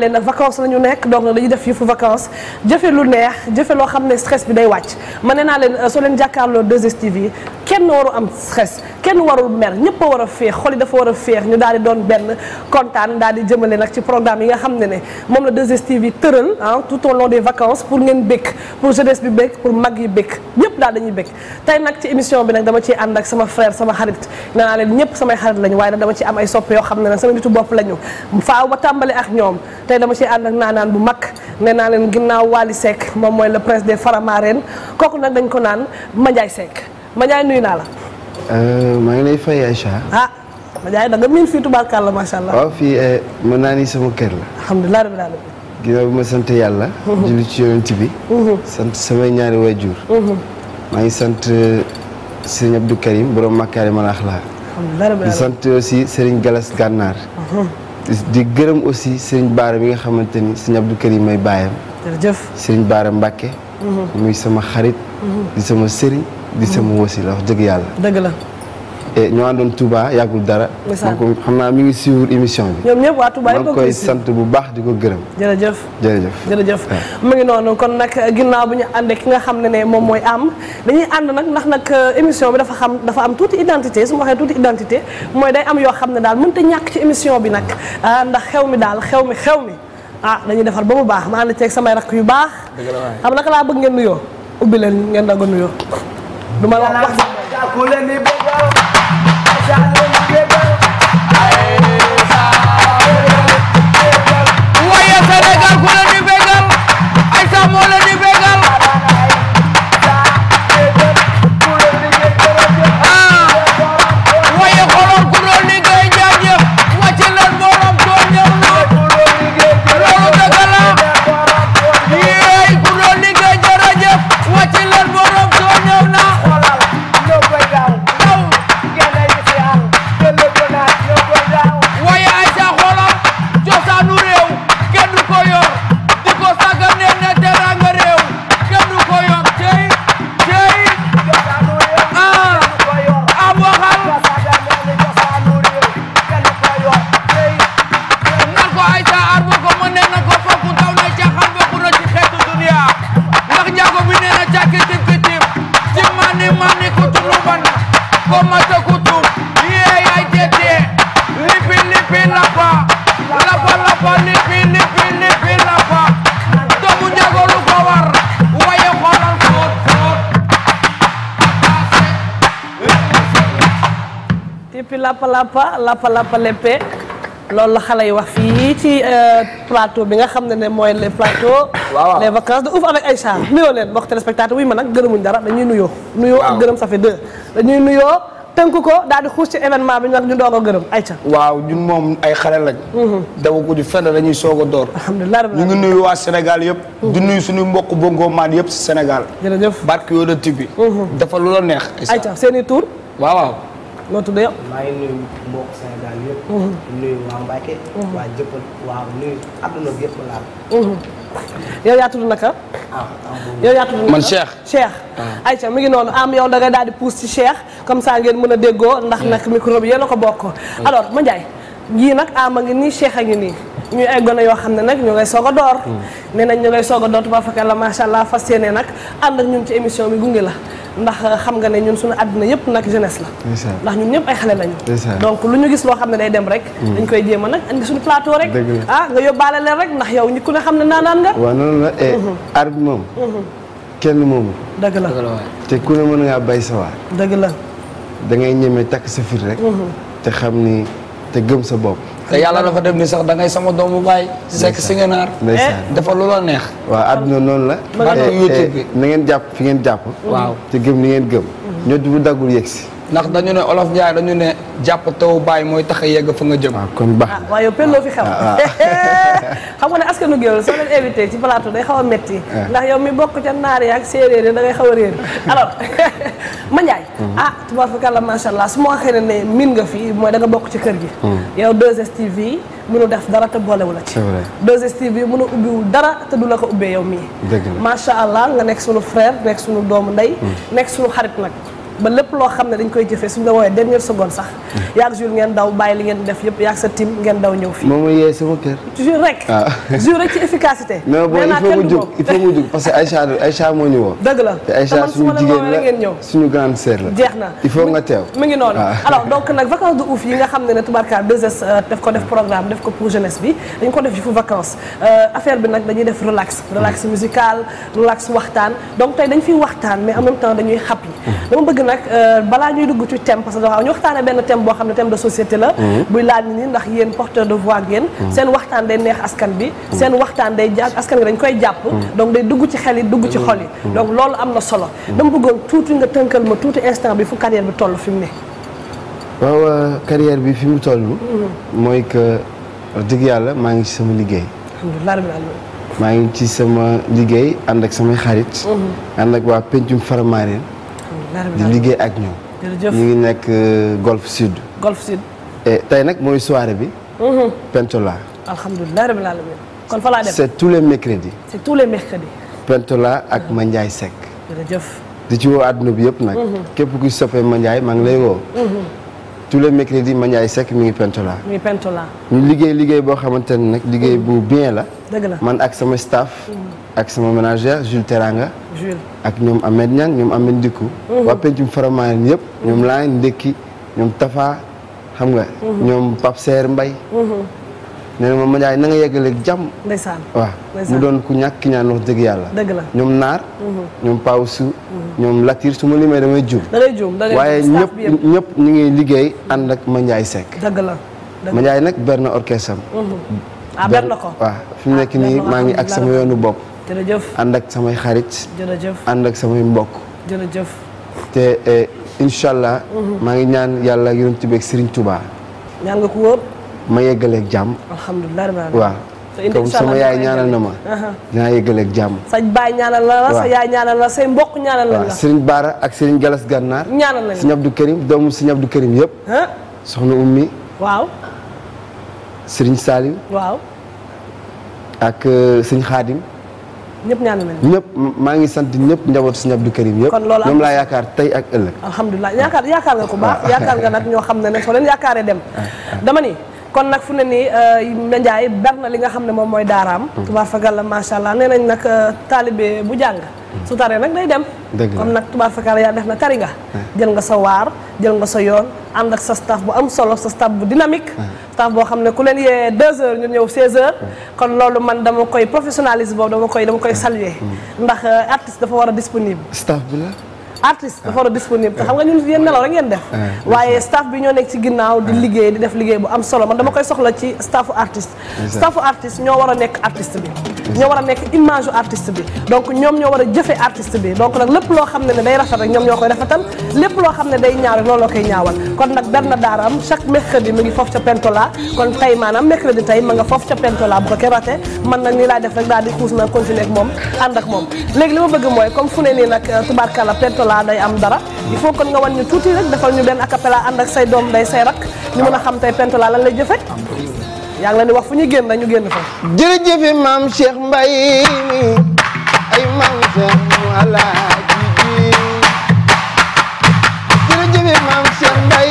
leen nag vacances la ñu nekk donc dañuy def yëfu vacances jëfe lu neex jëfe loo xam ne stress bi day wàcc ma nee naa leen euh, soo leen jàkkaarloo 2STV kenn waru am stress kenn warul mer ñëpp a war a féex xol yi dafa war a féex ñu daal di doon benn kontaan daal di jëmale nag ci programme yi nga xam ne ne moom la 2STV yi tëral ah tout au long des vacances pour ngeen békk pour jeunesse bi békk pour mag yi békk ñëpp daal dañuy békk tey nag ci émission bi nag dama ciy ànd ak sama frère sama xarit nee naa leen ñëpp samay xarit lañu waaye nag ci am ay soppe yoo xam ne nag sama nitu bopp lañu faaw ba tàmbale ak ñoom tey dama ci ànd ak naanaan bu mag nee naa leen ginnaaw Wally Seck moom mooy la prince des Faramareen kooku nag dañ ko naan Mandiaye Seck Mandiaye nuyu naa la. Euh, maa ngi lay fay Aïcha. ah Mandiaye da nga miin fii tubaarkàlla macha fii eh, mën naa ni sama kër la. alhamdulilah rabbil alamin. ginnaaw bi ma sant yàlla. Mhm. ci bi. Mhm. sant samay ñaari waajur. Mhm. maa ngi sant euh, sëriñ Abdou Karim borom Makarimal Akhlaq. alhamdulilah rabbil alamin sant aussi sëriñ Galas Gànnaar. di gërëm aussi Serigne Bara bi nga xamante ni Serigne Abdou yi may bàyyam. jërëjëf Serigne Bara Mbacke. Mhm. muy sama xarit. Mhm. di sama sëriñ. di sama mhm. wasi la wax yàlla. dëgg la. ñoo àndoon Touba yàggul dara. donc ngi suivre émission bi. ñoom ñëpp sant bu baax di ko gërëm. jërëjëf jërëjëf jërëjëf. mu ngi noonu kon nag ginnaaw bu ñu àndee ki nga xam ne ne moom mooy am dañuy ànd nag ndax nag euh, émission bi dafa xam dafa am tuuti identité su ma waxee tuuti identité mooy day am yoo xam ne daal mënut te ñàkk ci émission bi nag ah, ndax xew mi daal xew mi xew mi ah dañuy defar ba mu baax ma ànd ceeg samay rakk yu baax. xam naka laa bëgg ngeen nuyoo ubbi leen ngeen doog a nuyoo. du ma wax bégal ku leen di bégal ay sa moo leen lappa lappa lappa leppe loolu la xale yi wax fii ci euh, plateau bi nga xam ne ne mooy les plateaux. waaw les vacances de ouf avec Aïcha nuyoo leen mbokk téléspectateur wuy ma nag gërëmuñ dara dañuy nuyoo. nuyoo ak gërëm ça fait deux dañuy nuyoo tënk ko daa di xuus ci événement bi ñu nag ñu doog a gërëm waaw ñun moom ay xale lañ. Mhm. daw ko di soog a door. alhamdulilah ñu ngi nuyoo waa Sénégal yëpp. Mhm. di nuyu suñu mbokk bongo maan yëpp si Sénégal. jërëjëf barke yoo la tibb bi. Mhm. dafa lu la neex. Aïcha seen i tur noo tudd yow. maa mhm. mhm. naka. Mhm. yow yaa ah, naka man Cheikh. Cheikh ah. Aïcha mi ngi noonu am yow dangay daal di pousse ci Cheikh comme saa ngeen mën a déggoo ndax mm. nag micro bi yéen a ko bokk. Mm. alors ma Ndiaye yii nag am ah, a ngi nii Cheikh a ngi nii. ñuy ay gone yoo xam ne nag ñu ngay soog a door nee nañ ñu ngay a door tubaafaka la macha allah fas yéene nag ànd ak ñun ci émission bi gunge la ndax xam nga ne ñun suñu àddina yëpp nag jeunesse la ndax ñun ñëpp ay xale lañu donc lu ñu gis loo xam ne day dem rek mm. dañ koy jéem a nag indi suñu plateau rek ah nga yóbbaale leen rek ndax yow ñi ku ne xam ne naanaan nga waaw noonu la aar bi moom mm-hmm. kenn moomu dëgg la te ku ne mën ngaa bay sa waar dëgg la da ngay ñeme takk sa fit rek mm-hmm. te xam ni te gëm sa bopp te yàlla dafa dem ni sax da ngay sama doomu baay. sekk si nga naar. dafa lu la neex. waaw àdduna noonu la. ma na ngeen jàpp fi ngeen jàpp. waaw te gëm ni ngeen gëm. Mm-hmm. ñoo bu daggul yegsi ndax dañu ne olof Njaay dañu ne jàpp taw baay mooy tax a yegg fa nga jëm. waaw ah, kon baax na ah, waaw yow pelloo fi xam. Ah, xam nga ne askanu géwél soo leen invité ci plateau day xaw a métti. ndax yow mi bokk ca naar yi ak séeréer yi da ngay xaw a réer. alors ma Njaay. Hmm. ah tubaarkalla macha allah su ma waxee ne min nga fii mooy danga bokk ci kër gi. Hmm. yow 2STV mënu def dara te boolewu la ci. c'est vrai yi mu mënu ubbiwul dara te du la ko ubbee yow mii. dëgg la macha allah nga nekk sunu frère nekk sunu doomu ndey. Hmm. nekk sunu xarit nag. ba lépp loo xam ne dañ koy jëfee suñ la wooyee dernière seconde sax yaag jur ngeen daw bàyyi li ngeen def yëpp yaag ngeen daw ñëw fii moom mooy yee sama kër rek ah. jur rek ci efficacité non bon il faut mu jug parce que Aïcha Aïcha moo ñu woo dëgg la te Aïcha suñu jigéen la ngeen ñëw suñu grande sœur jeex na il faut nga teew mu ngi noonu ah. alors donc nag vacances de ouf yi nga xam ne ne tubaarkaar 2 euh, def ko def programme def ko pour jeunesse bi dañ ko def yu fu vacances euh, affaire bi nag dañuy def relax relax hmm. musical relax waxtaan donc tey dañ fiy waxtaan mais en même temps dañuy happy hmm. dama nag euh, balaa ñuy dugg ci thème parce que dafa ñu waxtaanee benn thème boo xam ne thème de société la. Mhm. buy laaj nit ñi ndax yéen porteur de voix ngeen. Mhm. seen waxtaan day neex askan bi. Mhm. seen waxtaan day jàpp askan bi dañ koy jàpp. donc day dugg ci xel yi dugg ci xol yi. donc loolu am na solo. dama bëggoon tuuti nga tënkal ma tuuti instant bi fu carrière bi toll fi mu ne. waaw carrière bi fi mu toll. mooy que wax yàlla maa ngi ci sama liggéey. alhamdulilah. maa ngi ci sama liggéey ànd ak samay xarit. ànd ak waa Pencum Faramaren di liggéey ak ñoom. ñu ngi nekk euh, Golf Sud. Golf Sud. tey nag mooy soirée bi. Mhm. Pentola. alhamdulilah rabbil c'est tous les mercredis. c'est tous les Pentola ak Mandiaye Seck. di ci woo àdduna bi yëpp nag. Mhm. képp kuy soppee Mandiaye maa lay woo. Mhm. tous les mercredis Mandiaye Seck mi pentola mi liggéey liggéey boo xamante ne nag liggéey bu mm. bien la. dëgg man ak sama staff. Mm. ak sama manager Jules Teranga. ak ñoom Ahmed Niang ñoom Ahmed Ndiku. Mm-hmm. waa Pencum Faramaren yëpp ñoom laay ndekki ñoom Tafa xam nga. Mm-hmm. ñoom Pape Mbay mm-hmm. nee na ma Mandiaye na nga yeggaleeg jàmm. ndeysaan waaw mu doon ku ñàkk ñaan wax dëgg yàlla. ñoom Naar. ñoom Pawsu ñoom latir su ma limee damay juum. da waaye ñëpp ñëpp ñu ngi liggéey ànd ak Mandiaye Seck. dëgg la dëgg nag ber na orchestre am. Mhm. Ah, ber na ko fi mu ah, nekk nii maa ngi ak sama yoonu bopp. jërëjëf ànd ak samay xarit. jërëjëf ànd ak samay mbokk. jërëjëf. te e, incha mhm. maa ngi ñaan yàlla ak yonent bi tuba Serigne Touba. ñaan nga ma yeggaleeg jàmm. alhamdulilah waaw. comme sama yaay ñaanal na ma dinaa yëgale jàmm sa baay ñaanal na la sa yaay ñaanal la say mbokk ñaanal na la sëriñ Baara ak sëriñ Galas Gànnaar ñaanal na sëriñ Abdou Karim doomu sëriñ Abdou Karim yépp soxna ummi waaw sëriñ Salim waaw ak euh, sëriñ Xaadim ñëpp ñaanal maa ngi sant ñëpp njabootu sëñ Abdou Karim yëpp kon loolu ñoom laa yaakaar tey ak ëllëg alhamdulilah yaakaar nga ko baax yaakaar nga nag ñoo xam ne ne soo leen yaakaaree dem dama ni kon nag fu ne nii euh, Ndiaye ber na li nga xam ne moom mooy daaraam. Mm-hmm. tubaab fakala macha allah nee nañ nag euh, taalibe bu jàng. Mm-hmm. su taree nag day dem. dëgg kon nag tubaab fakala yaa def na tari nga. Ah. jël nga sa waar jël nga sa yoon ànd ak sa staff bu am solo sa staff bu dynamique. Ah. staff boo xam ne ku leen yee 2h ñu ñëw 16h. Ah. kon loolu man dama koy professionnalisme boobu dama koy dama koy saluer. Mm. ndax euh, artiste dafa war a disponible. staff bi la. artiste dafa war a disponible te xam nga ñun yéen nelaw rek ngeen def eh, eh, waaye staff bi ñoo nekk ci ginnaaw di eh. liggéey di def liggéey bu am solo man dama koy soxla ci staffu artiste staffu artiste ñoo war a nekk artiste bi ñoo war a nekk image artiste bi donc ñoom ñoo war a jëfe artiste bi donc lépp loo xam ne ne day rafet rek ñoom ñoo koy rafetal lépp loo xam ne day ñaaw rek looloo koy ñaawal kon nag dar na daara am chaque mercredi mu ngi foofu ca pentola kon tey maanaam acapella day am dara il faut kon nga wan ñu tuuti rek defal ñu benn acapella ànd ak say doom day say rak ñu mën a xam tey Pentola lan lay jëfe yaa ngi leen wax fu ñu génn ñu génn fa jërëjëfe maam Cheikh Mbaye mi ay maam Cheikh mu alaaji jërëjëfe maam Cheikh Mbaye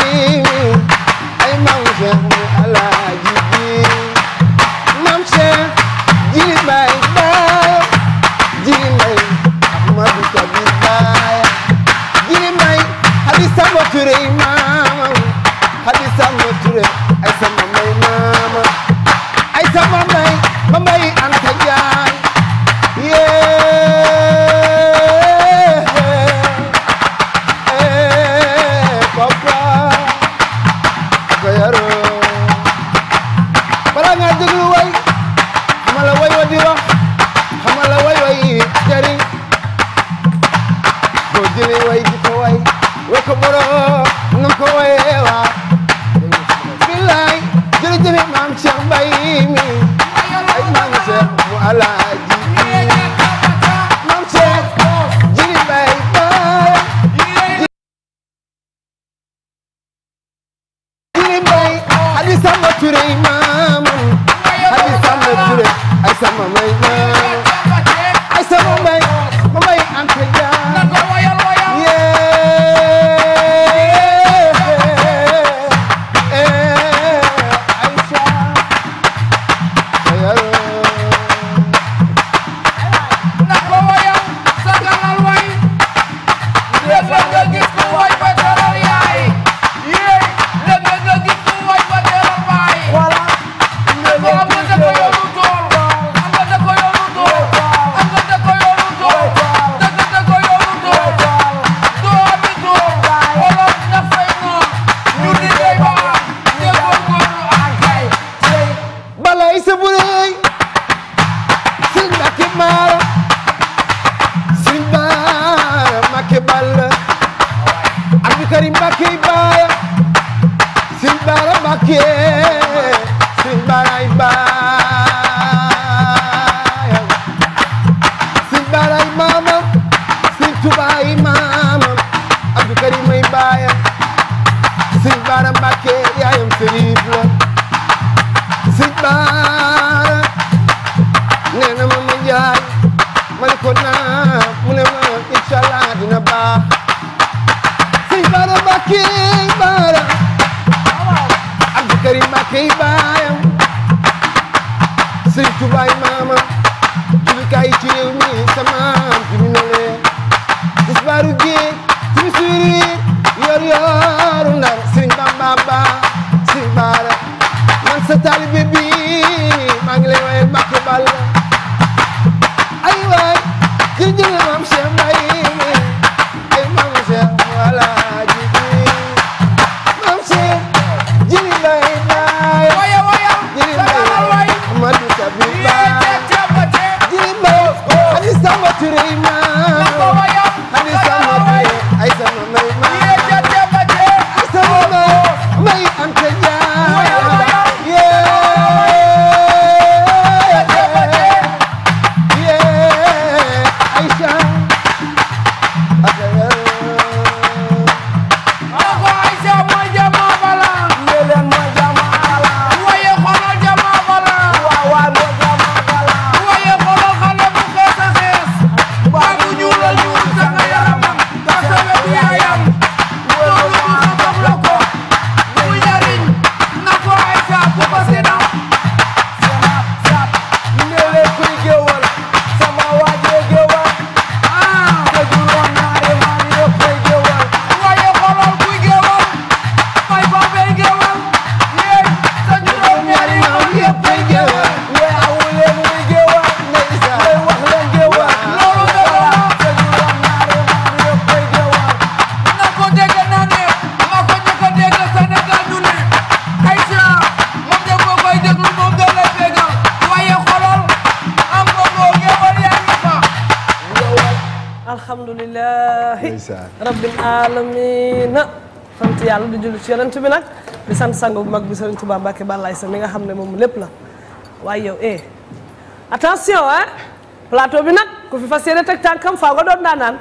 yor yor ndeysaan rabbil alamina sant yàlla di julli ci yonent bi nag di sant sang bu mag bi Sëriñ Tuubaa Mbàkke Bàllaay sa mi nga xam ne moom lépp la waaye yow eh, attention eh, plateau bi nag ku fi fas yéene teg tànkam faaw nga doon daanaan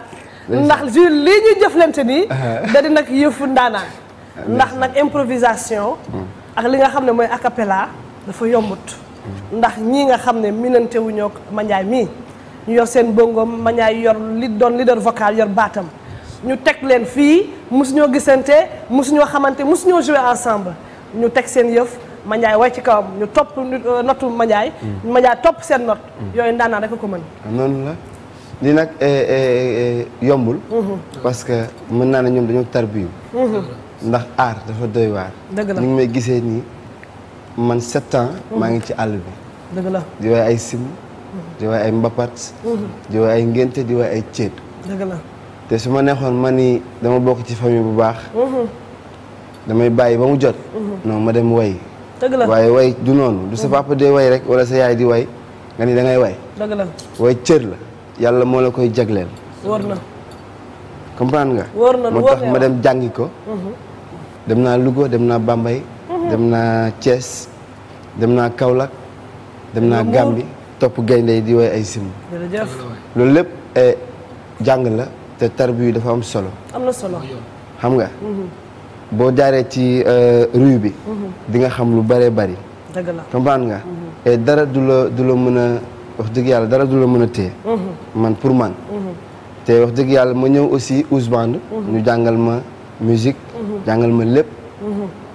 ndax ju lii ñuy jëflante nii uh-huh. da nag yëfu ndaanaan ndax nag improvisation ak li nga xam ne mooy acapella dafa yombut mm. ndax ñii nga xam ne minante wuñoo manjaay mii ñu yor seen bongoom manjaay yor li doon leader vocal yor baatam ñu teg leen fii mosuñoo gisante mosuñoo xamante mosuñoo jouer ensemble ñu teg seen yëf Mandiaye way ci kawam ñu topp euh, notu Mandiaye mm. Mandiaye topp seen not mm. yooyu ndaanaan rek a ko mën ah, noonu la li nag eh, eh, eh, yombul mm-hmm. parce que mën naa ne ñoom dañoo tarbiyu mm-hmm. ndax aar dafa doy waar dëgg may gisee nii man sept ans mm-hmm. maa ngi ci àll bi dëgg di waay ay sim di waay ay mbapat di waay ay ngénte di waay ay céet te su ma neexoon ma ni dama bokk ci famille bu baax. Mhm. damay bàyyi ba mu jot. Mhm. non ma dem way. waaye way du noonu. du sa mhm. papa dee way rek wala sa yaay di way nga ni da ngay way. dëgg way cër la yàlla moo la koy jagleel. wóor na. nga. moo tax ma dem jàngi ko. dem naa Louga dem naa Bambey. dem naa Thiès dem naa Kaolack dem naa Gambie topp gaynde yi di way ay sim. loolu lépp eh, jàng la. te tarbiyu dafa am solo. am na solo xam nga. Mhm. boo jaaree ci euh, rue bi. Mhm. di nga xam lu bëree bëri. dëgg la comprendre nga. Mhm. dara du la du la mën a wax dëgg yàlla dara du la mën a téye. man pour man. te wax dëgg yàlla ma ñëw aussi Ousband. ñu jàngal ma musique. jàngal ma lépp.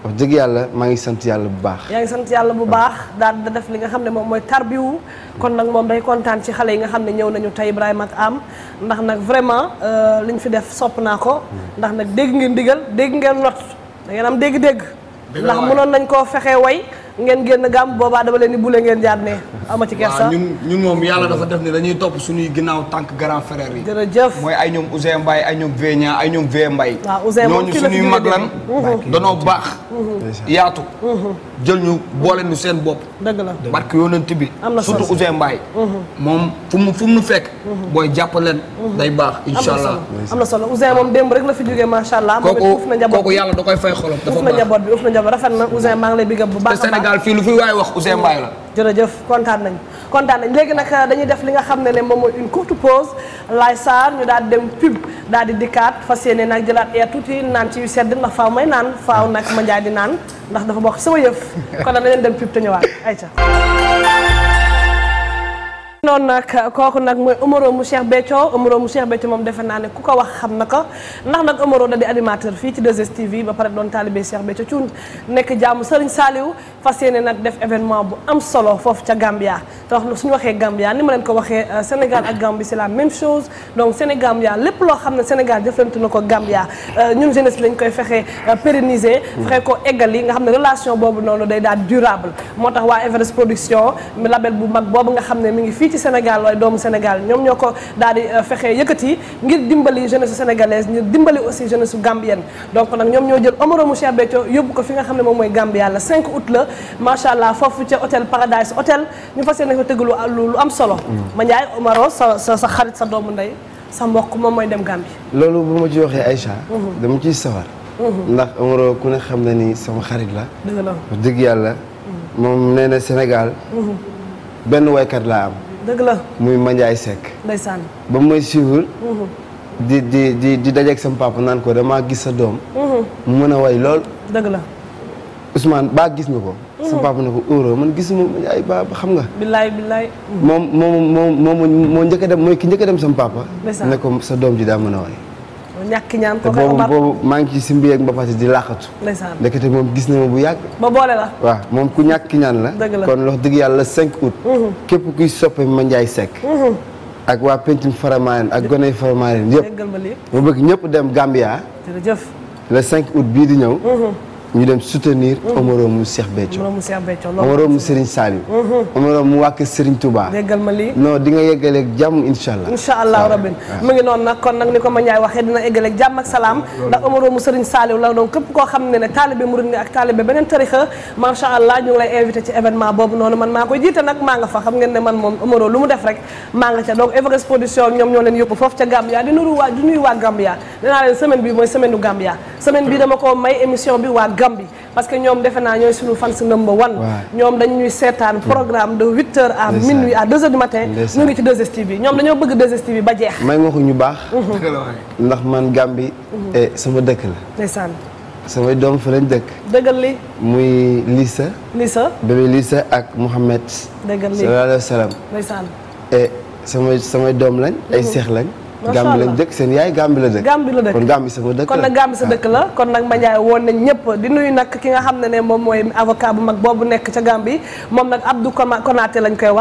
wax dëgg yàlla maa ngi sant yàlla bu baax. yaa ngi sant yàlla bu baax daal da def li nga xam ne moom mooy tarbiwu kon nag moom day kontaan ci xale yi nga xam ne ñëw nañu tey Ibrahima ak am ndax nag vraiment euh, liñ fi def sopp naa ko. ndax nag dégg ngeen digal dégg ngeen not da ngeen am dégg-dégg. ndax mënoon nañ koo fexe way ngeen génn gàmm boobaa dama leen ni bule ngeen jaar ne ama ci kersa ñun ñun moom yàlla dafa def ne dañuy topp suñuy ginnaaw tànk grand frère yi jërëjëf mooy ay ñoom Ousseyn ay ñoom Vénia ay ñoom Vé Mbaye waaw Ousseyn ñooñu mag lan mhm. yaatu mhm. jël ñu boole ñu seen bopp dëgg la barke yonent bi surtout mhm. moom fu mu fekk mhm. booy jàppaleen day baax insha am na solo Ousseyn moom démb rek la fi jógee macha allah kooku uf na njaboot kooku yàlla da koy fay xolam dafa baax uf na njaboot bi uf na njaboot rafet na Ousseyn maa bu baax te Sénégal fii lu fi waay wax Ousseyn Mbaye la jërëjëf kontaan nañ kontaan nañ léegi nag euh, dañuy def li nga xam ne ne moom mooy une courte pause laay saar ñu daal di dem pub daal di dikkaat fas yéene nag jëlaat air tuuti naan ci yu sedd ndax faaw may naan faaw nag ma njaay di naan ndax dafa bokk sama yëf kon nag dañ leen dem pub te ñëwaat ayca noonu nag kooku nag mooy Omaro mu Cheikh Béthio Omaro mu Cheikh Béthio moom defe naa ne ku ko wax xam na ko ndax nag Omaro da di animateur fii ci 2STV ba pare doon taalibe Cheikh Béthio Thioune nekk jaamu Serigne Saliou fas yéene nag def événement bu am solo foofu ca Gambia te wax suñu waxee Gambia ni ma leen ko waxee euh, Sénégal ak gambi c'est la même chose donc Sénégambia lépp loo xam ne Sénégal jëflante na ko Gambia euh, ñun jeunesse lañ koy fexe euh, pérenniser. fexe ko eggal yi nga xam ne relation boobu noonu day daal durable moo tax waa Everest Production label bu mag boobu nga xam ne mi ngi fii ci Sénégal waaye doomu Sénégal ñoom ñoo ko daal di euh, fexe yëkkati ngir dimbali jeunesse sénégalaise ngir dimbali aussi jeunesse gambienne donc nag ñoom ñoo jël Omaro Cheikh Béthio yóbbu ko fi nga xam ne moom mooy Gambia la 5 août la macha allah foofu ca hôtel Paradise hôtel ñu fas yéene ko tëgg lu am solo. Mm. ma Ndiaye sa sa sa xarit sa doomu ndey sa mbokk moom mooy dem Gambie. loolu bu ma ci waxee Aïcha. Mm-hmm. dama ciy sawar. Mm-hmm. ndax Omaro ku ne xam na ni sama xarit la. dëgg la dëgg yàlla. Mm-hmm. moom nee na Sénégal. benn waykat laa am. dëgg la muy Mandiaye Seck. ndeysaan ba mooy suivre. Mhm. di di di di dajeeg sama papa naan ko damaa gis sa doom. mu mhm. mën a way lool. dëgg la Ousmane baa gis na ko. Mhm. sama ne ko heureux man gis gisuma ay ba xam nga. billaay billaay. moom moom moom moo njëkk a dem mooy ki njëkk a dem sama papa. ne ko sa doom ji daa mën a way. ñàkk ñaan ko kay boobu maa ngi ci simbi yeeg mbapat di laaxatu. ndeysaan ndekete moom gis na ma bu yàgg. ba waaw moom ku ñàkk ñaan la. kon wax digg yàlla cinq août. Mhm. képp kuy soppe ma Njaay Sekk mhm. ak waa Pencum Faramaren ak Goney Faramaren yëpp. mu bëgg ñëpp dem Gambia. jërëjëf le 5 bii di ñëw. Mhm. ñu dem soutenir mm. Omoromu Cheikh Béthio Omoromu Serigne Saliou mm-hmm. Omoromu waa kër Serigne Touba déggal ma lii non di nga yeggaleeg jàmm incha allah incha allah rabin mu ngi noonu nag kon nag ni ko ma ñaay waxee dina eggaleeg jàmm ak salaam mm-hmm. ndax Omoromu Serigne Saliou la donc képp koo xam ne ne taalibe murid nga ak taalibe beneen tarixa macha allah ñu ngi lay invité ci événement boobu noonu man maa koy jiite nag maa nga fa xam ngeen ne man moom Omoro lu mu ñoom ñoo leen foofu ca Gambia di bi mooy semaine Gambia semaine bi dama ko may émission bi waa Gambie parce que ñoom defe naa ñooy suñu fans number one ñoom dañ ñuy seetaan hmm. programme de huit heures à minuit à deux heures du matin ñu ngi ci 2STV ñoom dañoo bëgg 2STV ba jeex may nga ko ñu baax mhm. ndax man Gambie mhm. eh, sama dëkk la samay doom fa lañ dëkk. dëggal li muy Lissa. Lissa bébé Lissa ak Mouhamed. dëggal li sallallahu alayhi wa sallam. Eh, samay doom lañ. ay mhm. seex lañ. Gàmbi lañ dëkk seen yaay Gàmbi la dëkk kon Gàmbi sama dëkk la ah. kon nag Mandiaye woon nañ ñëpp di nuyu nag ki nga xam ne ne moom mooy avocat bu mag boobu nekk ca Gàmbi moom nag Abdou Konaté lañ mm.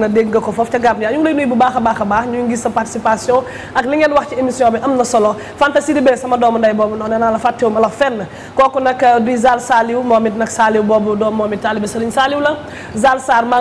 ah, ne kuy bu baax a baax a ñu ngi sa participation ak li ngeen wax ci émission bi am na solo Fanta Sidibé sama doomu ndey boobu noonu nee naa la fàttewuma la fenn kooku nag euh, di Zal Saliou moom it nag Saliou boobu doom moom it taalibe Serigne Saliou la Zal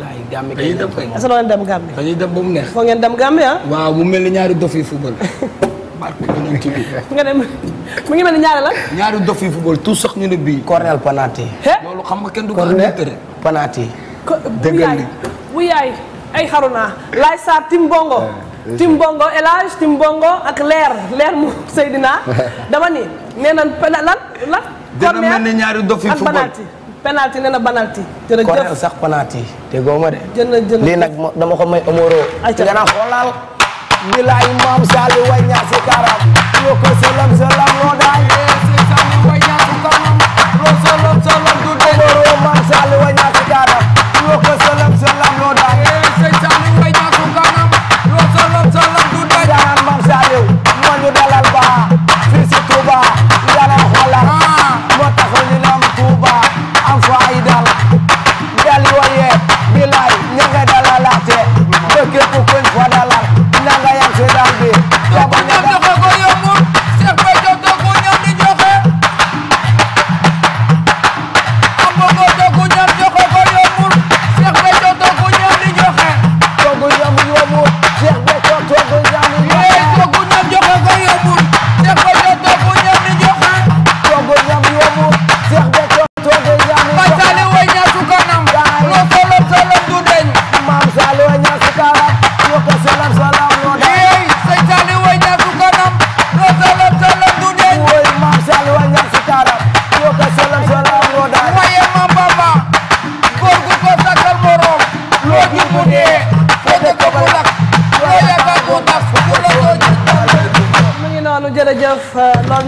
laay gàmmi kay dem kay est-ce que dem gàmmi dañuy mu neex foo ngeen dem gàmmi ah? mu mel ni ñaari dof yi football barke yonent bi nga dem mu ngi mel ni ñaari la ñaari dof yi football tout sax ñu ne bii Cornel Panati loolu xam nga kenn du ko Cornel Panati dëggal bu yaay ay xaruna laay saar tim bongo eh, eh, eh. tim bongo elage tim bongo ak leer leer mu Seydina dama ni nee nan lan lan Cornel dina mel ñaari dof penalty nee na banalty. jërëjëf corner sax penalty te góoma de. lii nag dama ko may Omoro. ayca gën a xoolal. bilaay maam Sali wa ñaasi karam. yoo ko salam salam loo daan dee. si Sali wa ñaasi du dee. salam salam.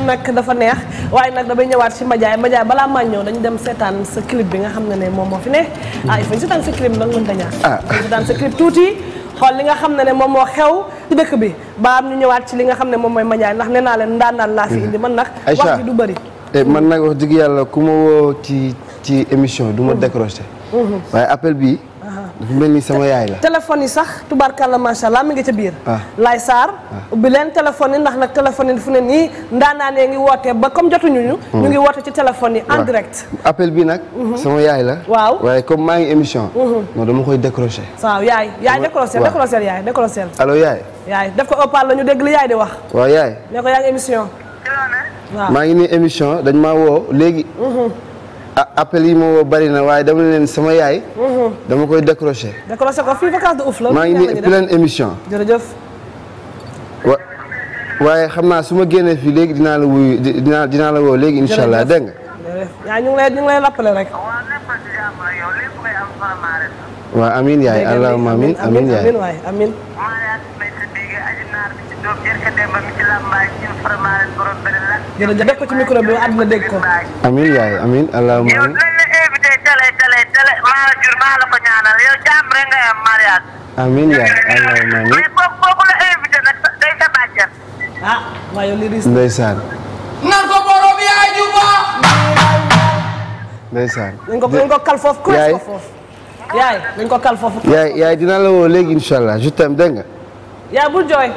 nag dafa neex waaye nag damay ñëwaat ci Mbajaay Mbajaay balaa maa ñëw dañu dem seetaan sa clip bi nga xam ne ne moom moo fi ne ah il ñu seetaan sa clip bi nag mënta ah. li nga xam ne ne moom moo xew ci bi ba am ñu ñëwaat ci li nga xam ne moom mooy Mbajaay ndax nee naa leen ndaanaan laa fi indi man nag wax ji du bëri eh, man nag wax dëgg yàlla ku ma woo ci ci émission du ma mm-hmm. décroché mm-hmm. waaye appel bi dafa mel ni sama yaay la. téléphone yi sax tubaarkàlla macha allah mi ngi ca biir. Ah. lay saar ah. ubbi leen téléphone yi ndax nag téléphone yi fu ne nii ndaanaanee ngi woote ba comme jotuñu ñu. Hmm. ñu ngi woote ci téléphone yi en direct. bi nag. Mhm. sama yaay la. waaw waaye comme maa ngi émission. Mhm. non koy décroché. waaw yaay yaay décroché décroché yaay décroché. allo yaay. yaay def ko ñu dégg li yaay di wax. waaw maa ngi nii émission dañ ma woo léegi. Mhm. appel yi moo bari na waaye dama leen sama yaay. dama koy décroché. décroché maa ngi nii émission. jërëjëf. waaye xam naa su ma génnee fii léegi dinaa la wuyu dinaa dinaa la woo léegi incha allah dégg nga. yaa ñu ngi lay yaay allahumma jërëjëf def ko ci micro bi àdduna dégg ko. amiin yaay amiin allahumma amiin. yow dañ la invité télé télé télé maa la jur maa la ko ñaanal yow jàmm rek nga am mariage. amiin yaay allahumma amiin. mais boobu boobu la invité nag day sa bàjjan. ah waaye li di. ndeysaan. nan ko borom yaay ju baax. ndeysaan. nañ ko nañ ko kal foofu yaay yaay nañ ko kal foofu. yaay yaay dinaa la woo léegi incha allah je t'aime dégg nga. yaay bul jooy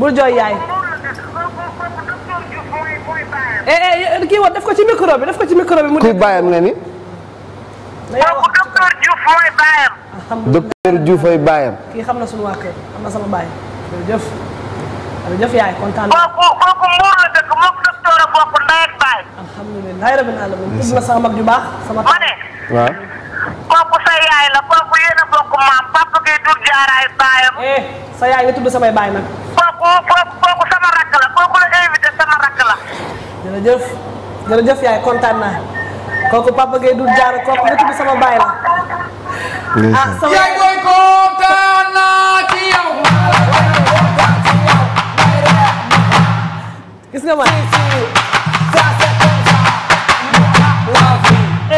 bul jooy yaay. Eh, eh, eh kii wax def ko ci micro bi ko ci micro kuy bàyyam nga ni. kooku docteur Diouf mooy bàyyam. kii xam na suñu xam na sama bàyyi. jërëjëf jërëjëf yaay kontaan kooku muur la dëkk moom docteur ak bokk baay. alhamdulilah rabbil alamin tudd na sama mag ju baax sama. ma ne. kooku sa yaay la kooku yéen a maam papa eh, sa yaay nga tudd samay kooku kooku kooku sama rakk la kooku la invité. jërëjëf jërëjëf yaay kontaan kooku papa Gueye du jaar kooku nga tudd sama baay la. Ah, yaay koy kontaan naa ci yow. gis nga ma.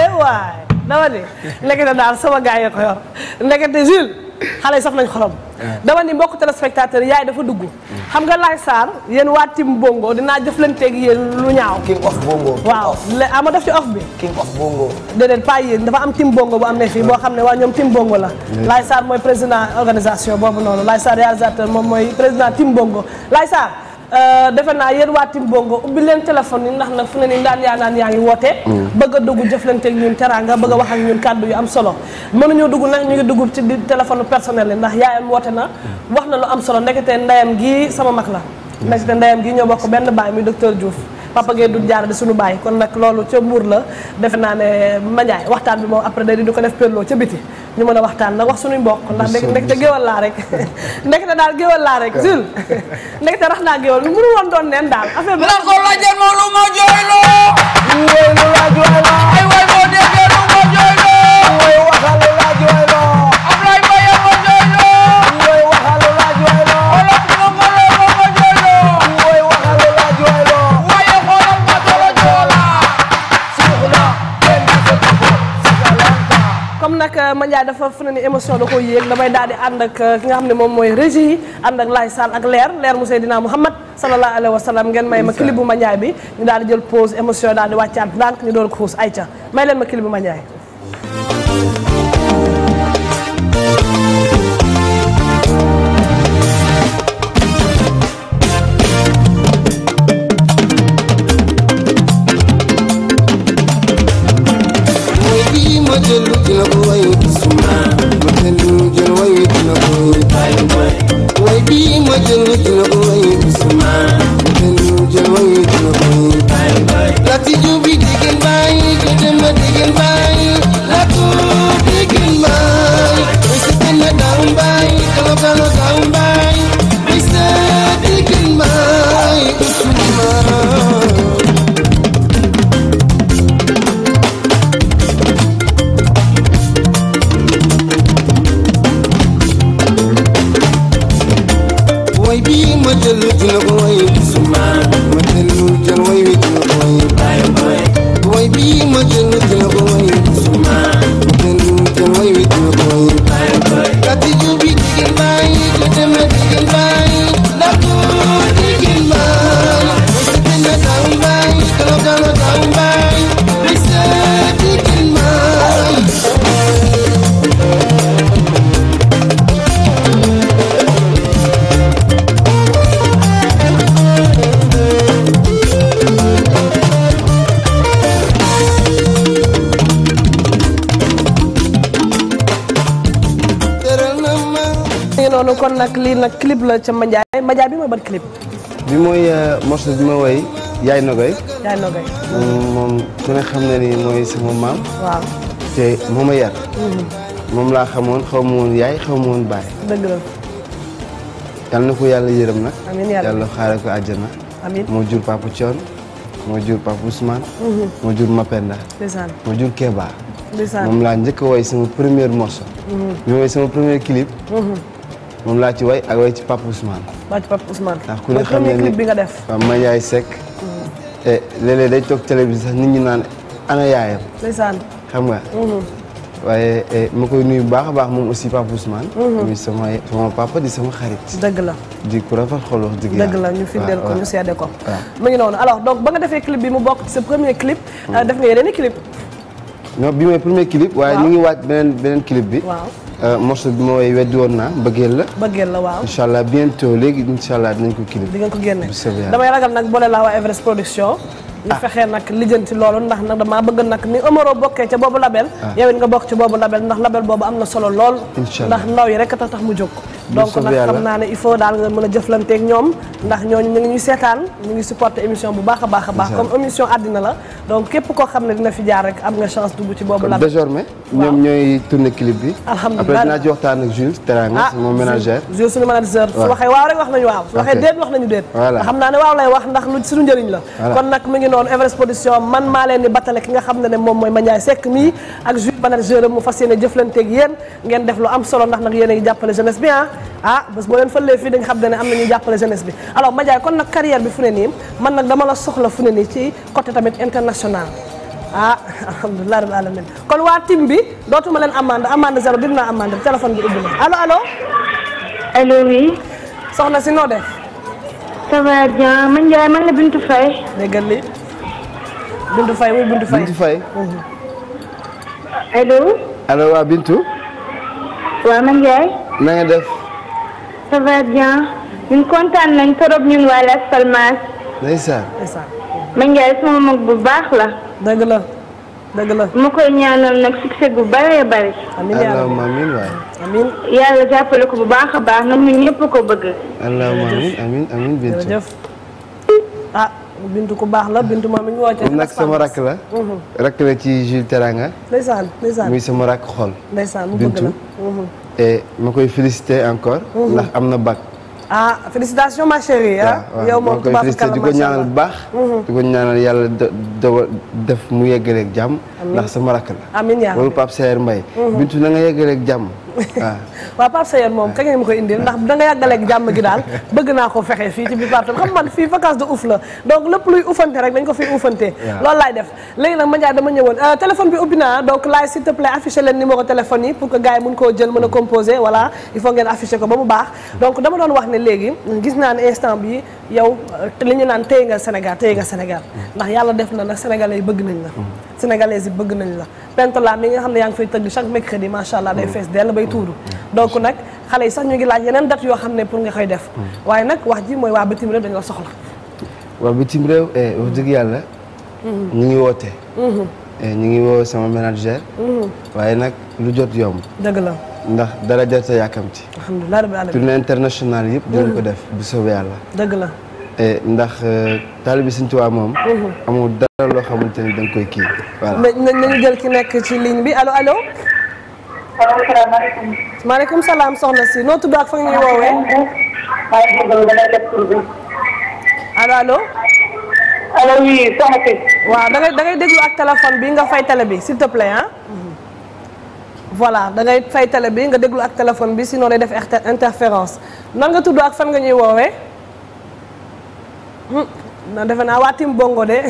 eh waay dama ne ndekete daal sama gars xale yi saf nañ xorom dama ni mbokk téléspectateur yaay dafa dugg mm. xam nga laay saar yéen waa tim bongo dinaa jëflanteeg yéen lu ñaaw king of bongo waaw ama def ci of bi king of bongo déedéet pas yéen dafa am tim bongo bu am ne fii boo xam ne waa ñoom tim bongo la laay saar mooy président organisation boobu noonu laay saar réalisateur moom mooy président tim bongo laay saar Euh, defe naa yéen waa Timbongo ubbi leen téléphone yi ndax nag fu ne ni ndaan yaa naan yaa ngi woote mm. bëgg a dugg jëflante ak ñun teraanga bëgg a wax ak ñun kàddu yu am solo mën mënuñu dugg nag ñu ngi dugg ci téléphone personnel yi ndax yaayam woote na mm. wax na lu am solo ndekete ndeyam gi sama mag la mm. ndekete ndeyam gi ñoo bokk benn baay mi docteur Diouf papa Gueye du jaar di suñu bàyyi kon nag loolu ca mbuur la defe naa ne Mandiaye waxtaan bi moom après day di ko def pelloo ca biti ñu mën a waxtaan nag wax suñuy mbokk ndax ndekete géwal laa rek ndekete daal géwal laa rek jul ndekete rax naa géwal mi mënu woon doon neen daal affaire bi la ko lajjee noonu ma jooyloo Ndiaye dafa fu ne ni émotion da yéeg damay daal di ànd ak uh, ki nga xam ne moom mooy régie yi ànd ak Laye Sall ak leer leer mu Seydina Mouhamad sallallahu alayhi wa sallam ngeen may ma clip bu ma Ndiaye bi ñu daal di jël pause émotion daal di wàccaat ndànk ñu doon ko xuus ayca may leen ma clip bu ma Ndiaye nag clip la ca Mandiaye Mandiaye bi mooy ban clip. bi mooy euh, morceau bi ma woy Yaay Nogoy. Yaay moom ku xam na ni mooy sama maam. waaw te moo ma yar. Mhm. moom laa xamoon xaw yaay xaw ma woon baay. yal na ko yàlla yërëm nag. yàlla xaare ko àjjana. moo jur Papa Thion. moo jur Papa Ousmane. Mhm. moo jur Mapenda. ndeysaan moo jur Kéba. moom laa njëkk woy sama première morceau. Mhm. bi woy sama premier clip. moom laa ci way ak way ci Pape Ousmane. waa ci Pape Ousmane. ndax ku ne xam ne clip def. waaw ma eh, day toog télé bi sax nit ñi naan ana yaayam. ndeysaan xam nga. Mhm. waaye eh, ma koy nuyu bu baax a baax moom aussi Pape Ousmane. Mhm. muy sama sama papa di sama xarit. dëgg la di ku rafet xol wax dëgg la ñu firndeel ko ñu seede ko. waaw mu ngi noonu donc ba nga defee clip bi mu bokk sa premier clip. Hmm. Euh, def nga yeneen i clip. non bi mooy premier clip. waaye ñu ngi waaj beneen beneen clip bi. Euh, morceau bi mooy weddi woon naa bëggeel la. bëggeel la waaw incha allah bientôt léegi incha allah dinañ ko kilib. di nga ko génne damay ragal nag boole laa waa Everest production. ñu ah. fexe nag lijjanti loolu ndax nag damaa bëgg nag ni Omaro bokkee ca boobu label ah. yow nga bokk ci boobu label ndax label boobu am na solo lool ndax ndaw yi rek a tax mu jóg a jëflanteeg ñoom ndax ñooñu ñu ngi ñuy seetaan ñu ngi supporter émission bu baax a baax a baax comme émission àddina la koo xam ne dina fi jaar rek am nga chance dugg ci boobu label désormais ñoom ñooy tourner clip bi alhamdulilah après waxtaan ak Jules Teranga ah, mon manager su waxee waaw rek wax nañu waaw su waxee déet wax nañu déet xam naa ne waaw lay wax ndax lu suñu njëriñ la kon nag noonu Everest Production man maa leen di batale ki nga xam ne ne moom mooy Mandiaye Seck mii ak jui manager mu fas yéene jëflanteeg yéen ngeen def lu am solo ndax nag yéen a ngi jàppale jeunesse bi ah ah bés boo da nga xam ne am nañuy jàppale jeunesse kon nag carrière bi fu ne nii man nag dama la soxla fu ne nii ci côté tamit international ah alhamdulilah rabbil alamin kon waa tim bi dootuma leen amande amande zéro dina amande téléphone bi ubbi na allo allo allo soxna si noo def ça va bien man man la Bintu Bintu Faye muy Bintu Faye Bintu Faye. allo. Mm-hmm. allo man Ndiaye. na nga def. ça va bien. ñun kontaan nañ trop ñun waa Las Palmas. ndeysaan. man Ndiaye sama mag bu baax la. dëgg la dëgg la. ma koy ñaanal nag succès bu bëree bëri. amiin allahumma amiin waay. amiin yàlla jàppale ko bu baax a baax nag ñun ko bëgg. allahumma amiin amiin bintu ku baax la bintu ma mi ngi woote. nag sama rakk la. Mhm. rakk la ci Jules Teranga. muy sama rakk xol. ndeysaan mu bëgg la mhm. ma koy féliciter encore. Mhm. ndax am na bac. ah félicitations ma chérie ah. yow moom tubaab kàlla di ko ñaanal baax. di ko ñaanal yàlla def mu yeggaleeg jàmm. ndax sama rakk la amiin yaa wala mhm. bintu na nga yeggale ak jàmm waaw ah. waaw Pape Sayer moom kañ ma ko indil ndax da nga yàggale ak jàmm gi daal bëgg naa ko fexe fii ci biir Pape xam man fii vacance de ouf la lépp luy ufante rek dañ ko fiy ufante loolu laay def léegi nag ma Ndiaye dama ñëwoon euh, téléphone bi ubbi naa donc laay s'il te plaît affiché leen numéro téléphone yi pour que gars mun koo jël mën a mm. composé voilà il faut ngeen affiché ko ba mu baax donc dama doon wax ne léegi gis naa ne instant bi yow euh, li ñu naan téye nga Sénégal téye nga Sénégal mm. ndax yàlla def na nag Sénégalais yi bëgg nañ la mm. sénégalais yi bëgg nañ la pentola mi nga xam ne yaa ngi fay tëgg chaque mercredi macha allah day mm. fees dell bay tuuru mm. Mm. donc nag xale yi sax ñu ngi laaj yeneen date yoo xam ne pour nga koy def waaye nag wax ji mooy waa bitim réew dañ la soxla waaw bitim réew eh, wax dëgg yàlla mm-hmm. ñu ngi woote mm-hmm. eh, ñu ngi woo sama manager mm-hmm. waaye nag lu jot yomb dëgg la ndax dara jar sa yàkkamti alhamdulilah tournée internationale yëpp dinañ ko def bu soobee yàlla dëgg la Eh, ndax eh, taalibi Sëriñ Tuubaa moom. Mhm. amul dara loo xamante ni da koy kii. voilà nañu nekk ci ligne bi allo allo. salaamaaleykum. maaleykum salaam soxna déglu ak téléphone bi nga fay télé bi s'il te voilà da ngay fay télé bi nga déglu ak téléphone bi si day def interférence nan nga tudd ak fan nga ñuy woowee. ndax defe naa waa tim bongo de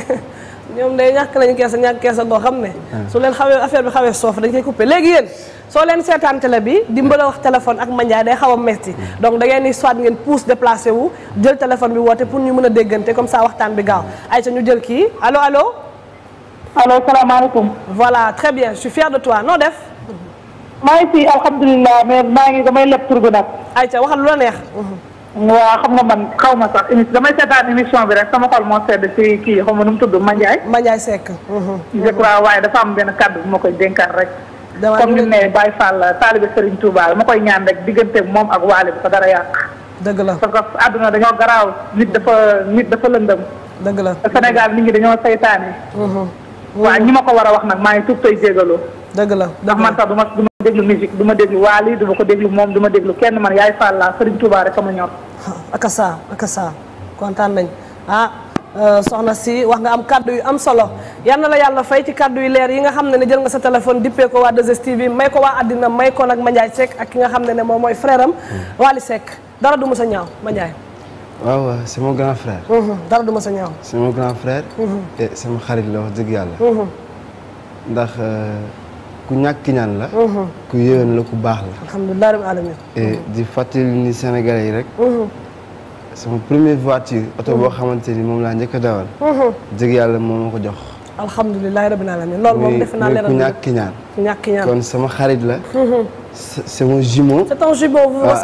ñoom day ñàkk lañu kees a ñàkk kees a goo xam ne ah. su leen xawee affaire bi xawee soof dañ koy coupé léegi yéen soo leen seetaan télé bi dimbala wax téléphone ak mandiaay day xaw a metti mm. donc da ngeen ni soit ngeen pousse déplacé wu jël téléphone bi woote pour ñu mën a déggante comme ça waxtaan bi gaaw Aïcha ñu jël kii allo allo allo salaamaaleykum voilà très bien je suis fière de toi noo def maa ngi fi alhamdulilah mais maa ngi damay leb tur bi nag Aïcha waxal neex waaw xam nga man xaw ma sax émission damay seetaan émission bi rek sama xol moo sedd si kii xaw ma mu tudd Mandiaye. Mandiaye Seck. Mhm. Mhm. je waaye dafa am benn kàddu bu ma koy dénkaat rek. comme ni ne Baye Fall taalibe Serigne Touba ma koy ñaan rek diggante moom ak waale bi ko dara yàq. dëgg la parce que àdduna dañoo garaaw nit dafa nit dafa lëndëm. dëgg la Sénégal nit ñi dañoo seytaan saytaane. Mhm. waaw ñi ma ko war a wax nag maa ngi tuub tey jégalu. dëgg la ndax manta sax ma du déglu musique du ma déglu waali du ko déglu moom du déglu kenn man yaay Fall laa Serigne Touba rek ma ñor. Ah, akasa akasa kontaan nañ ah euh, soxna si wax nga am kaddu yu am solo yal na la yàlla fay ci kaddu yu leer yi nga xam ne ne jël nga sa téléphone dippee ko waa may ko waa àddina may ko nag ak ki nga xam ne ne moom mooy frère am hmm. Waly Seck dara du mës a ñaaw Mandiaye. waaw c'est mon grand hmm, hmm. xarit la wax yàlla. ndax. Euh, ku ñàkk ñaan la. Mhm. ku yéwén la ku baax la. alhamdulilah mhm. di fàttali ni Sénégalais yi rek. Mhm. sama première voiture oto boo xamante ni moom laa njëkk a dawal. dëgg yàlla moom ma ko jox. alhamdulilah rabbil alamin. loolu moom defe naa leeral ku ñàkk ñaan. kon sama xarit la. c'est jimo jumeau. Ah,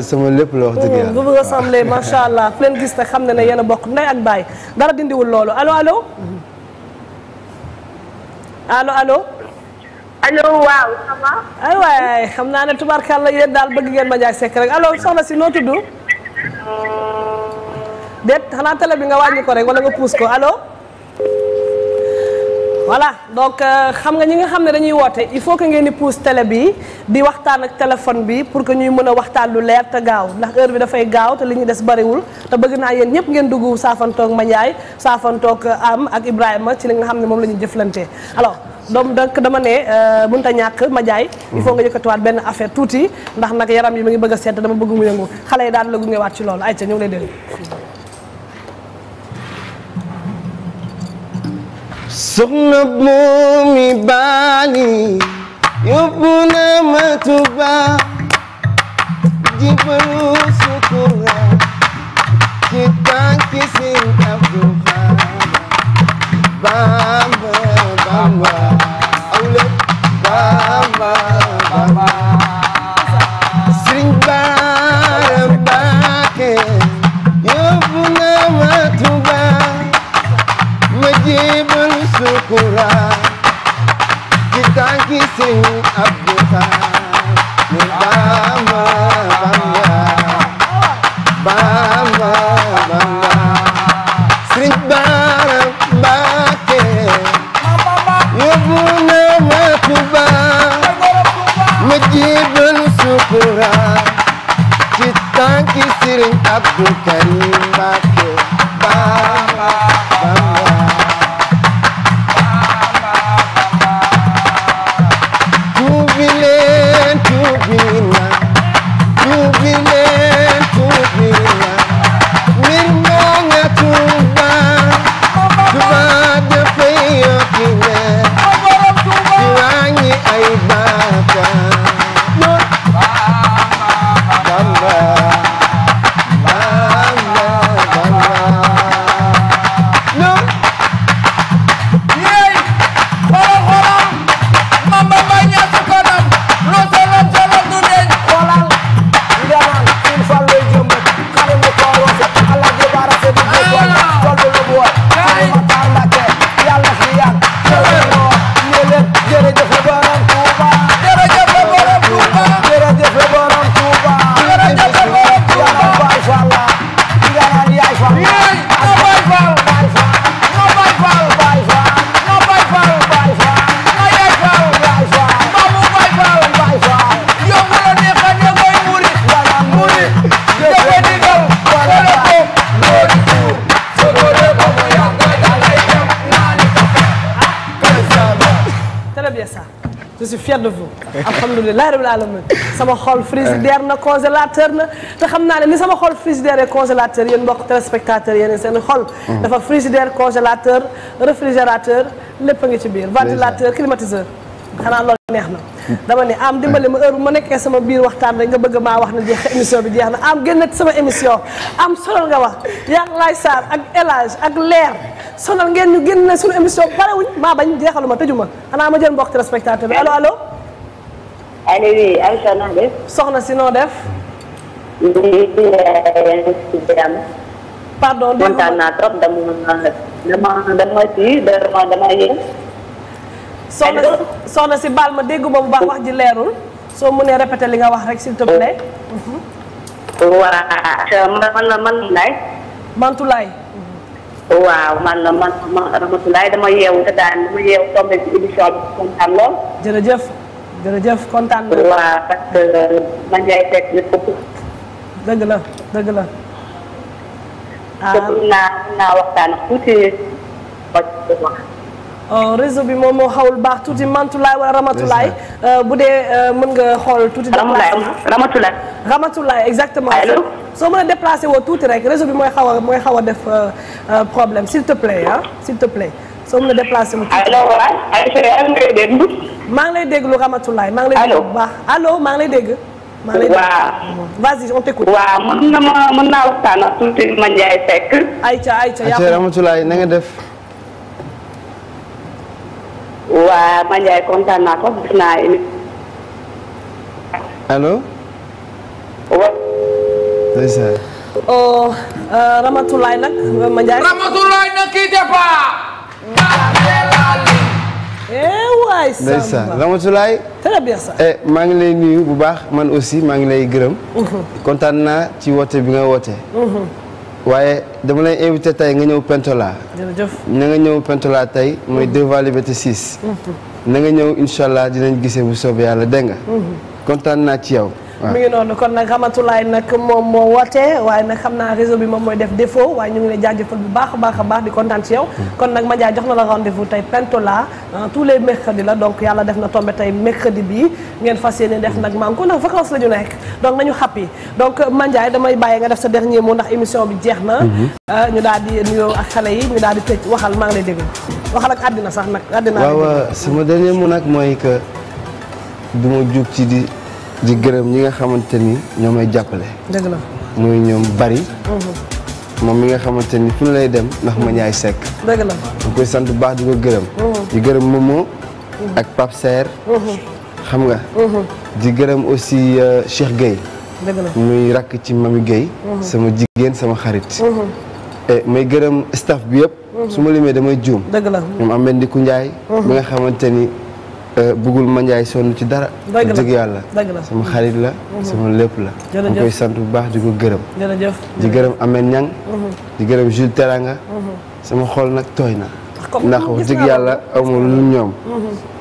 sama lépp la wax dëgg yàlla. vous vous ressemblez allah ku xam na ne yéen a bokk ndey ak baay dara dindiwul loolu allo allo. allo waaw ça va. ay waay xam naa ne la yéen daal bëgg ngeen ma sekk rek aloo soxna si noo tudd. déet xanaa télé bi nga wàññi ko rek wala nga puus ko allo. voilà donc euh, xam nga ñi nga xam ne dañuy woote il faut que ngeen di puus télé bi di waxtaan ak téléphone bi pour que ñuy mën a waxtaan lu leer te gaaw ndax heure bi dafay gaaw te li ñu des bariwul te bëgg naa yéen ñëpp ngeen dugg saafantoog Mandiaye saafantoog euh, am ak Ibrahima ci li nga xam ne moom la ñuy jëflante alors. donc donc dama ne euh, mënut a ñàkk ma jaay il faut nga yëkkatiwaat benn affaire tuuti ndax nag yaram yi ma ngi bëgg a sedd dama bëgg mu yëngu xale yi daal la gungewaat ci loolu ay ca ñu ngi lay déglu soxna boomi baali yóbbu na ma tuba jibalu sukura ci tànki sin abdu xaaba alhamdulilah rabbil alamin sama xol frigidaire na congélateur na te xam naa ne ni sama xol frigidaire et congélateur yéen mbokk téléspectateur yéen seen xol mm-hmm. dafa frigidaire congélateur réfrigérateur lépp a ngi ci biir ventilateur climatiseur xanaa loolu neex na dama ne am dimbali ma heure bu ma nekkee sama biir waxtaan rek nga bëgg maa wax ne jeex émission bi jeex na am génn sama émission am sonal nga wax yaa laay Sarr ak élage ak leer sonal ngeen ñu génn na suñu émission parewuñ maa bañ jeexalu ma tëju ma xanaa ma jël mbokk téléspectateur bi allo allo allo oui soxna si noo def. lii di si jàmm. pardon dégg dama dama dama si dama dama yéen. soxna si baal ma dégguma bu baax wax ji leerul soo mënee répéter li nga wax rek si te plaît. waaw man la man Laye. la man man dama yeewu te daan dama yeewu tombé ci émission jërëjëf kontaan euh, na waaw dëgg la dëgg la. ah mun naa mun euh, réseau bi moom moo xawul baax tuuti Mantulaay wala Ramatulaay. Euh, bu dee mën nga xool tuuti. Ramatulaay Ramatulaay. Ramatulaay exactement. allo soo mën a déplacé woo tuuti rek réseau bi mooy xaw mooy xaw a def problème s'il te plaît si s'il te plaît. soo mun a déplacé mu. allo waaw Aïcha yaa ngi lay dégg. maa ngi lay déglu Ramatoulaye maa ngi lay déglu bu baax allo maa ngi lay dégg. maa lay dégg vas-y on t'écoute. waaw mën na ma mën naa waxtaan ak tuuti ma Ndiaye Seck. Aïcha Aïcha yaa ngi Ramatoulaye na nga def. ndeysaan Ramatulaay très bien eh, maa ngi lay nuyu bu baax man aussi maa ngi lay gërëm mhm. kontaan naa ci woote bi nga woote mhm. waaye dama la invité tey nga ñëw Pentola jërëjëf na nga ñëw Pentola tey mooy mhm. devant Liberté 6 na nga ñëw incha allah dinañ gisee bu soobee yàlla dégg nga kontaan naa ci yow mi ngi noonu kon nag Ramatoulaye nag moom moo woote waaye nag xam naa réseau bi moom mooy def défaut waaye ñu ngi lay jaajëfal bu baax baax a baax di kontaan ci yow hmm. kon nag Mandiaye jox na la rendez-vous tey pentola tous les mercredis la donc yàlla def na tombé tey mercredi bi ngeen fas yéene def nag maam ko nag vacances la ñu nekk donc nañu happy donc euh, Mandiaye damay bàyyi nga def sa dernier moom ndax émission bi jeex na hmm. euh, ñu daal di nuyoo ak xale yi ñu daal di tëj waxal maa ngi lay déglu waxal ak àddina sax nag àddina waaw sama dernier mot nag mooy que du ma jug di gërëm ñi nga xamante ni ñoo may jàppale. dëgg la muy ñoom bari. Mhm. moom mi nga xamante ni fu ñu lay dem ndax ma ñaay sekk. dëgg koy sant bu baax di ko gërëm. Mhm. di gërëm Momo. Mhm. ak Pape xam nga. ji gërëm aussi euh, Cheikh Gueye. muy rakk ci Mami Gueye. sama jigéen sama xarit. may gërëm staff bi yëpp. su ma limee damay juum. ñoom am benn Ndiku Ndiaye. mi nga xamante Euh, bëggul ma Ndiaye sonn ci dara. dëgg yàlla sama xarit la. Mhm. sama lépp la. jërëjëf ma koy sant bu baax di ko gërëm. jërëjëf di gërëm amee Niang. Mhm. di gërëm Jules Teranga. Mhm. sama xol nag tooy na. ndax wax yàlla amul lu ñoom.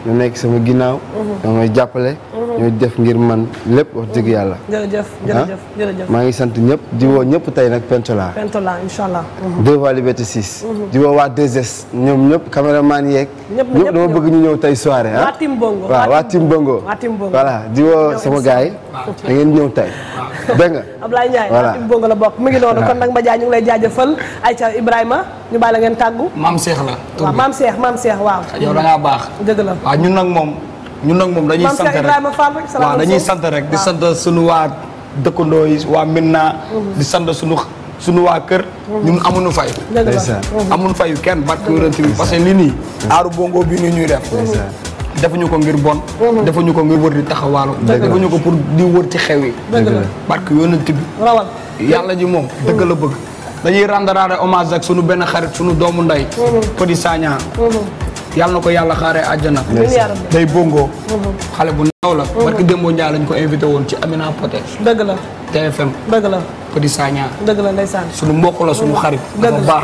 ñu nekk sama ginnaaw. damay jàppale. ñu def ngir man lépp wax dëgg yàlla. Ah? maa ngi sant ñëpp di woo ñëpp tey nag Pentola. Pentola incha allah. Mhm. deux voies Liberté 6. Mhm. di woo waa 2S ñoom ñëpp caméraman yeeg. ñëpp ñëpp ñëpp dama bëgg ñu ñëw tey soirée ah. waa Tim Bongo waaw waa Tim di woo sama gars yi. da ngeen ñëw tey. dégg nga Ablaye Ndiaye voilà Tim la bokk mu ngi noonu kon nag Mbadia ñu ngi lay jaajëfal Aïcha Ibrahima ñu bàyyi la ngeen tàggu. maam Cheikh la. waaw maam Cheikh maam Cheikh waaw. yow la nag moom ñun nag moom dañuy sant rek waaw dañuy sant rek di sant suñu waa dëkkandoo yi waa Minna. Mhm. di sant suñu suñu waa kër. Mhm. ñun amuñu fay. Mhm. amuñu fayu kenn barke yonent bi parce que lii nii. aaru bongo bi ni ñuy def. defuñu ko ngir bon. defuñu ko ngir wër di taxawaalu. ñu ko pour di wër ci xew yi. barke yonent bi. rawal yàlla ji moom dëgg la bëgg. dañuy rendre hommage ak suñu benn xarit suñu doomu ndey. Petit Sagna. yàlla na ko yàlla xaaree àjjana. day bongo. Mm-hmm. xale bu ndaw la. Mm-hmm. barki Demba Ndiaye lañ ko invité woon ci Amina Poté. dëgg la TFM. dëgg la Petit Sagna. dëgg la ndeysaan. suñu mbokk la suñu xarit. dafa baax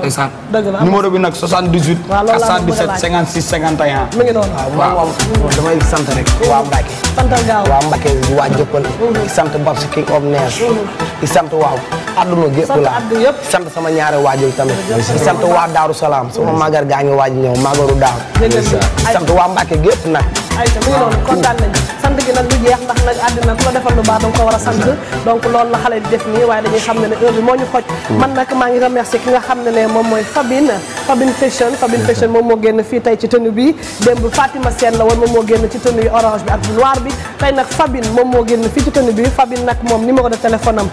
ndeysaan. dëgg la bi nag 78. waaw loolu laa 417 56 51. mi ngi noonu waaw waaw mm-hmm. sant rek. waa Mbacke. santal gaaw waa Mbacke waa sant Babs King of Neige. di sant waaw. àdduna gépp la sant sama ñaari waajur tamit sant waa Daaru Salaam sama magar gaa ngi waaj ñëw magaru Daaru sant waa Mbàkke gépp nag sant ndax nag àddina ku la defal lu baax danga ko war a sant donc loolu la xale di def nii dañuy xam ne ne heure bi moo man nag maa ngi remercier ki nga xam ne ne moom mooy Fabine Fabine Fashion Fabine Fashion moom moo génn fii tey ci tenue bi démb Fatima Sène la moom moo génn ci tenue bi ak noir moom moo de téléphone am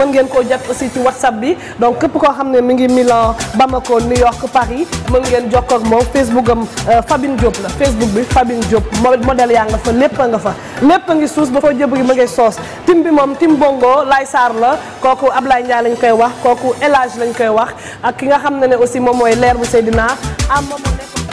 euh, ngeen koo jot aussi ci WhatsApp bi donc képp koo xam ne mi ngi Milan Bamako New York Paris yi mën ngeen jokkoo ak moom Facebook am euh, Fabine Diop la Facebook bi Fabine Diop modèle yaa nga fa lépp a nga fa lépp a ngi suus ba fa jëb gi ma ngay soos tim bi moom tim bongo Lay Sarr la kooku Ablaye Ndiaye lañ koy wax kooku El lañ koy wax ak ki nga xam ne ne aussi moom mooy leer bu Seydina am moom